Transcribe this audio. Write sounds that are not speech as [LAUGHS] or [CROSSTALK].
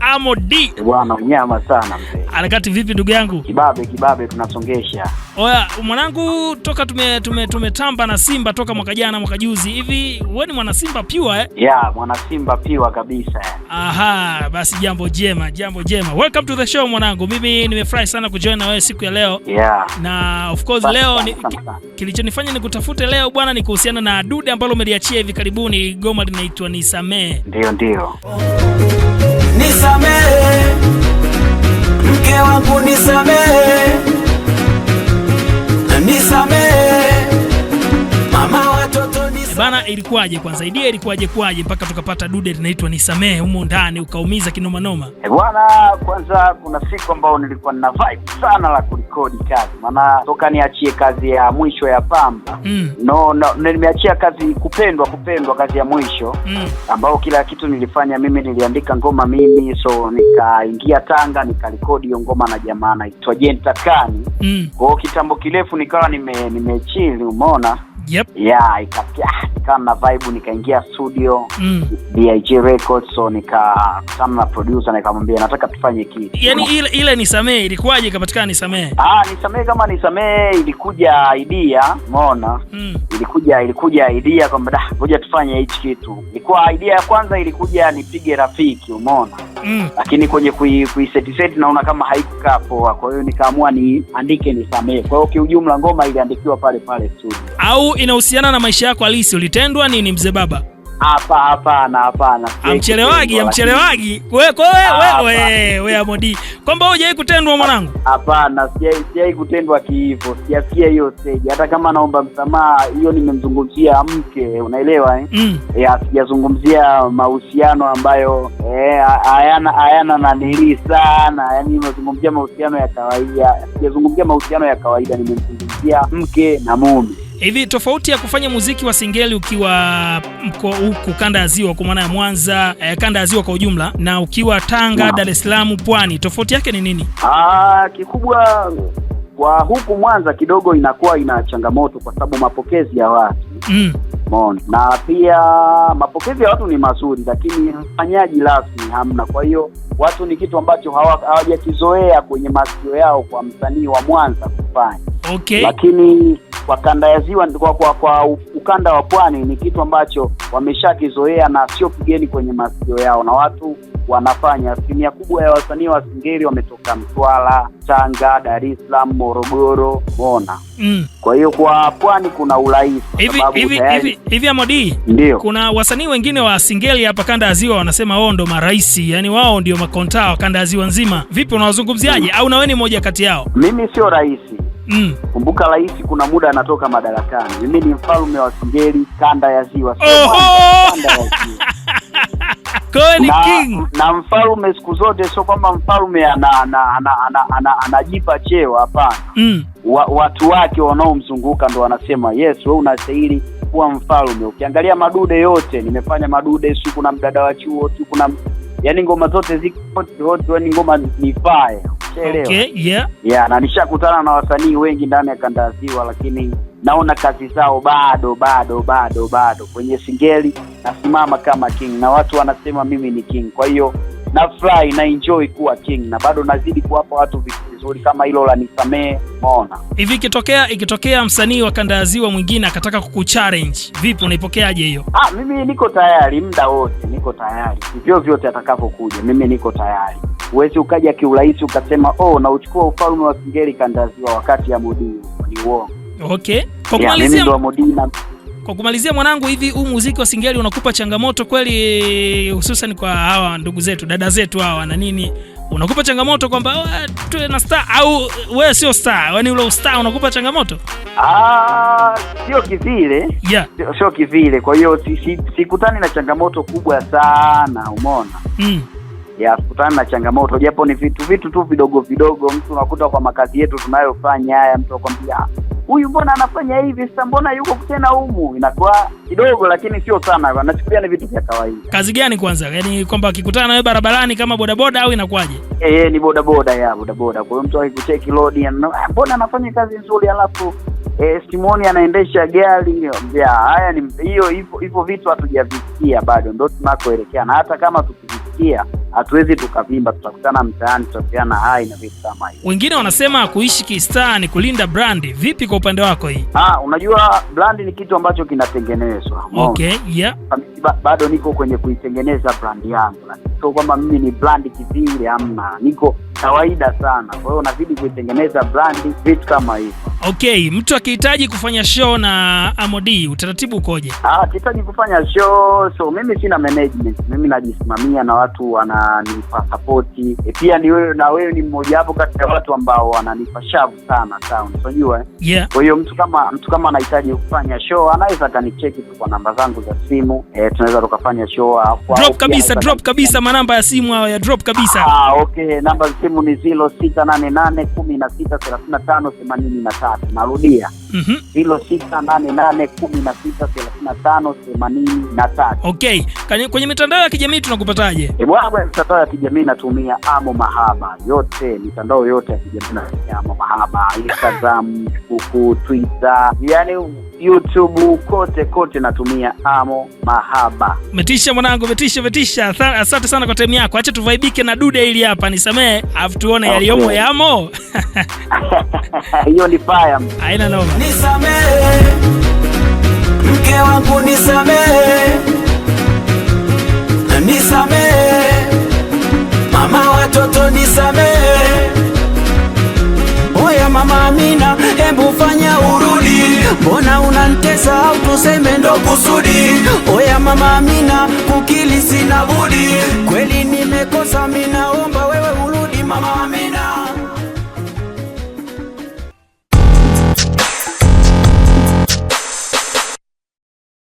Amo D? Bwana unyama sana mzee. Harakati vipi ndugu yangu? Kibabe kibabe tunasongesha. Oya mwanangu, toka tume tume tumetamba na Simba toka mwaka jana mwaka juzi hivi, wewe ni mwana Simba piwa eh? Yeah, mwana Simba piwa kabisa. Eh. Aha, basi jambo jema, jambo jema. Welcome to the show mwanangu. Mimi nimefurahi sana kujoin na wewe siku ya leo. Yeah. Na of course basi, leo ni kilichonifanya nikutafute leo bwana ni kuhusiana na dude ambalo umeliachia hivi karibuni, goma linaitwa Nisamee. Ndio ndio. Oh. ilikuwaje kwanza? Idea ilikuwaje kwaje mpaka tukapata dude linaitwa Nisamehe humo ndani ukaumiza kinomanoma? E eh, bwana, kwanza kuna siku ambao nilikuwa nina vibe sana la kurekodi kazi, maana toka niachie kazi ya mwisho ya Pamba mm. no, no, nimeachia kazi Kupendwa, Kupendwa, kazi ya mwisho mm. ambao kila kitu nilifanya mimi, niliandika ngoma mimi, so nikaingia Tanga nikarekodi hiyo ngoma na jamaa anaitwa Jenta Kani mm. kwao kitambo kirefu nikawa nime, nime umeona yep. yeah, ikakaa ah, nikakutana na vibe, nikaingia studio mm. BIG Records, so nikakutana na producer nikamwambia nataka tufanye kitu. Yani ile, ile nisamee ilikuwaje ikapatikana nisamee? Ah, nisamee kama nisamee ilikuja idea, umeona mm. ilikuja ilikuja idea kwamba da, ngoja tufanye hichi kitu. Ilikuwa idea ya kwanza ilikuja nipige rafiki, umeona mm. lakini kwenye kui, kui set set naona kama haikukaa poa, kwa hiyo nikaamua niandike nisamee. Kwa hiyo kiujumla ngoma iliandikiwa pale pale studio. Au inahusiana na maisha yako halisi ulitendwa nini mzee baba? Hapana, hapana, amchelewagi amchelewagi wewe Amodi, kwamba hujai kutendwa mwanangu? Hapana, sijai kutendwa kiivo sijafikia hiyo stage. Hata kama naomba msamaha, hiyo nimemzungumzia mke, unaelewa eh? Mm. Eh, sijazungumzia mahusiano ambayo eh, hayana hayana nanili sana, yaani nimezungumzia mahusiano ya kawaida, sijazungumzia mahusiano ya kawaida, nimemzungumzia mke na mume. Hivi tofauti ya kufanya muziki wa singeli ukiwa mko huku kanda ya ziwa kwa maana ya Mwanza eh, kanda ya ziwa kwa ujumla na ukiwa Tanga, Dar es Salaam, Pwani, tofauti yake ni nini? Ah, kikubwa kwa huku Mwanza kidogo inakuwa ina changamoto kwa sababu mapokezi ya watu mm. Mon. na pia mapokezi ya watu ni mazuri, lakini mfanyaji rasmi hamna. Kwa hiyo watu ni kitu ambacho hawajakizoea kwenye masikio yao kwa msanii wa Mwanza kufanya okay. lakini kwa kanda ya ziwa kwa, kwa, kwa ukanda wa pwani ni kitu ambacho wameshakizoea na sio kigeni kwenye masikio yao, na watu wanafanya. Asilimia kubwa ya wasanii wa Singeli wametoka Mtwara, Tanga, Dar es Salaam, Morogoro, Mona mm. Kwa hiyo kwa pwani kuna urahisi hivi Amodi, ndio kuna wasanii wengine wa Singeli hapa kanda ya ziwa wanasema wao ndo marahisi yani wao ndio makontaa wa kanda ya ziwa nzima. Vipi, unawazungumziaje? mm. au naweni moja kati yao? Mimi sio rahisi Mm. Kumbuka rais kuna muda anatoka madarakani. Mimi ni mfalme wa Singeli, kanda ya ziwa, kanda ya [LAUGHS] ziwa. Na, na mfalme siku zote sio kwamba mfalme anajipa ana, ana, ana, ana, ana cheo hapana. Mm. Wa, watu wake wanaomzunguka ndo wanasema yes, we unastahili kuwa mfalme. Ukiangalia madude yote nimefanya madude, si kuna mdada wa chuo, si kuna yani ngoma zote ziko hot, yaani ngoma ni okay, yeah. Yeah, na nishakutana na wasanii wengi ndani ya kanda ya Ziwa, lakini naona kazi zao bado bado bado bado. Kwenye singeli nasimama kama king na watu wanasema mimi ni king, kwa hiyo nafurahi na enjoy kuwa king na bado nazidi kuwapa watu vitu vizuri kama hilo la nisamee. Umeona hivi, ikitokea ikitokea msanii wa kanda ya Ziwa mwingine akataka kukuchallenge vipi, unaipokeaje hiyo? Ah, mimi niko tayari, muda wote niko tayari, vivyo vyote atakavyokuja, mimi niko tayari. Huwezi ukaja kiurahisi ukasema oh, nauchukua ufalme wa Kigeli kandaziwa wakati ya Mudii. Ni uongo. Okay. Kwa kumalizia, kwa kumalizia mwanangu, hivi huu muziki wa Singeli unakupa changamoto kweli, hususan kwa hawa ndugu zetu dada zetu hawa na nini, unakupa changamoto kwamba oh, tuwe na star au wewe sio star? Yani ule ustar unakupa changamoto? Ah, sio kivile, yeah. Sio kivile, kwa hiyo sikutani si, si na changamoto kubwa sana, umeona mm ya kutana na changamoto, japo ni vitu vitu tu vidogo vidogo. Mtu unakuta kwa makazi yetu tunayofanya haya, mtu akwambia huyu mbona anafanya hivi sasa, mbona yuko tena humu, inakuwa kidogo, lakini sio sana, anachukulia ni vitu vya kawaida. Kazi gani kwanza, yaani kwamba akikutana nawe barabarani kama bodaboda au inakuwaje? Eh, eh, ni bodaboda ya bodaboda. Kwa hiyo mtu akikucheki lodi, ah, mbona anafanya kazi nzuri, alafu e, eh, simoni anaendesha gari mbia. Haya ni hiyo, hivyo vitu hatujavisikia bado, ndio tunakoelekea, na hata kama tukivisikia hatuwezi tukavimba, tutakutana mtaani, tutakutana hai na vitu kama hivi. Wengine wanasema kuishi kistaa ni kulinda brandi. Vipi kwa upande wako hii? Ah, unajua brandi ni kitu ambacho kinatengenezwa. Okay, yeah. Ba bado niko kwenye kuitengeneza brandi yangu, sio kwamba mimi ni brandi kivile, amna, niko kawaida sana. Kwa hiyo unazidi kuitengeneza brandi, vitu kama hivyo. Okay, mtu akihitaji kufanya show na Amodi utaratibu ukoje? Ah, akihitaji kufanya show, so mimi sina management, mimi najisimamia na watu wananipa sapoti. E, pia ni wewe na wewe ni mmoja wapo kati ya watu ambao wananipa shavu sana sound, unajua eh? yeah. Kwa hiyo mtu kama mtu kama anahitaji kufanya show anaweza akanicheki kwa namba zangu za simu e, tunaweza tukafanya show. Drop kabisa, drop kabisa, manamba ya simu hayo ya drop kabisa. Ah, okay, namba za simu simu ni zilo sita nane nane kumi na sita thelathini na tano themanini na tatu narudia mhm. zilo sita nane nane kumi na sita thelathini na tano themanini na tatu okay kwenye mitandao ya kijamii tunakupataje e bwana mitandao ya kijamii natumia amo mahaba yote mitandao yote ya kijamii natumia amo mahaba Instagram Facebook Twitter yani YouTube kote kote natumia Amo Mahaba. Metisha mwanangu, metisha metisha. Asante sana kwa time yako. Acha tuvaibike na dude hili hapa, nisamee afu tuone okay, yaliyomo yamo. [LAUGHS] Hiyo ni fire. Haina noma. Nisamee. Mke wangu nisamee. Na nisamee. Mama watoto nisamee. Oya mama Amina mbona unantesa au tuseme ndo kusudi? Oya mama Amina, kukili sina budi, kweli nimekosa, omba wewe urudi mama Amina.